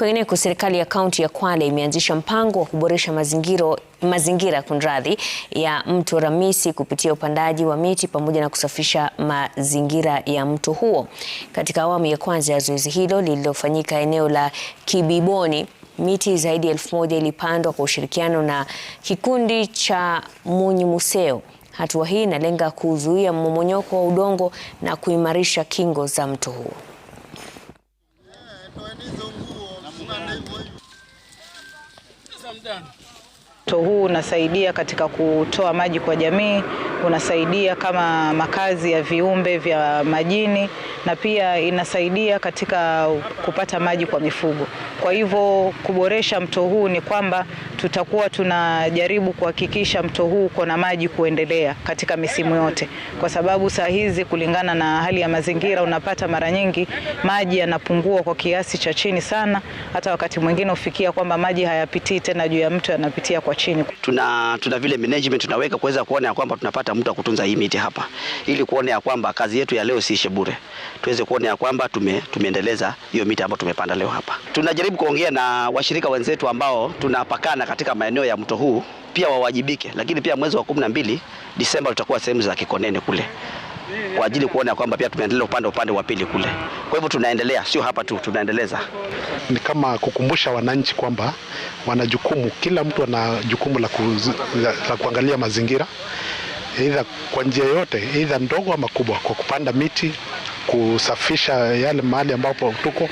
kwengineko serikali ya kaunti ya Kwale imeanzisha mpango wa kuboresha mazingira mazingira kunradhi ya mto Ramisi kupitia upandaji wa miti pamoja na kusafisha mazingira ya mto huo. Katika awamu ya kwanza ya zoezi hilo lililofanyika eneo la Kibiboni, miti zaidi ya elfu moja ilipandwa kwa ushirikiano na kikundi cha Munyi Museo. Hatua hii inalenga kuzuia mmomonyoko wa udongo na kuimarisha kingo za mto huo. Sasa mdani. Mto huu unasaidia katika kutoa maji kwa jamii, unasaidia kama makazi ya viumbe vya majini na pia inasaidia katika kupata maji kwa mifugo. Kwa hivyo kuboresha mto huu ni kwamba tutakuwa tunajaribu kuhakikisha mto huu uko na maji kuendelea katika misimu yote, kwa sababu saa hizi kulingana na hali ya mazingira unapata mara nyingi maji yanapungua kwa kiasi cha chini sana, hata wakati mwingine hufikia kwamba maji hayapitii tena juu ya mto, yanapitia kwa chini. Tuna, tuna vile management tunaweka kuweza kuona ya kwamba tunapata mtu wa kutunza hii miti hapa, ili kuona ya kwamba kazi yetu ya leo siishe bure, tuweze kuona ya kwamba tume, tumeendeleza hiyo miti ambayo tumepanda leo hapa. Tunajaribu kuongea na washirika wenzetu ambao tunapakana katika maeneo ya mto huu pia wawajibike, lakini pia mwezi wa kumi na mbili Disemba tutakuwa sehemu za Kikonene kule kwa ajili kuona kwamba pia tumeendelea upande upande wa pili kule. Kwa hivyo tunaendelea, sio hapa tu, tunaendeleza. Ni kama kukumbusha wananchi kwamba wana jukumu, kila mtu ana jukumu la, kuzi, la, la kuangalia mazingira aidha kwa njia yote, aidha ndogo ama kubwa, kwa kupanda miti, kusafisha yale mahali ambapo tuko.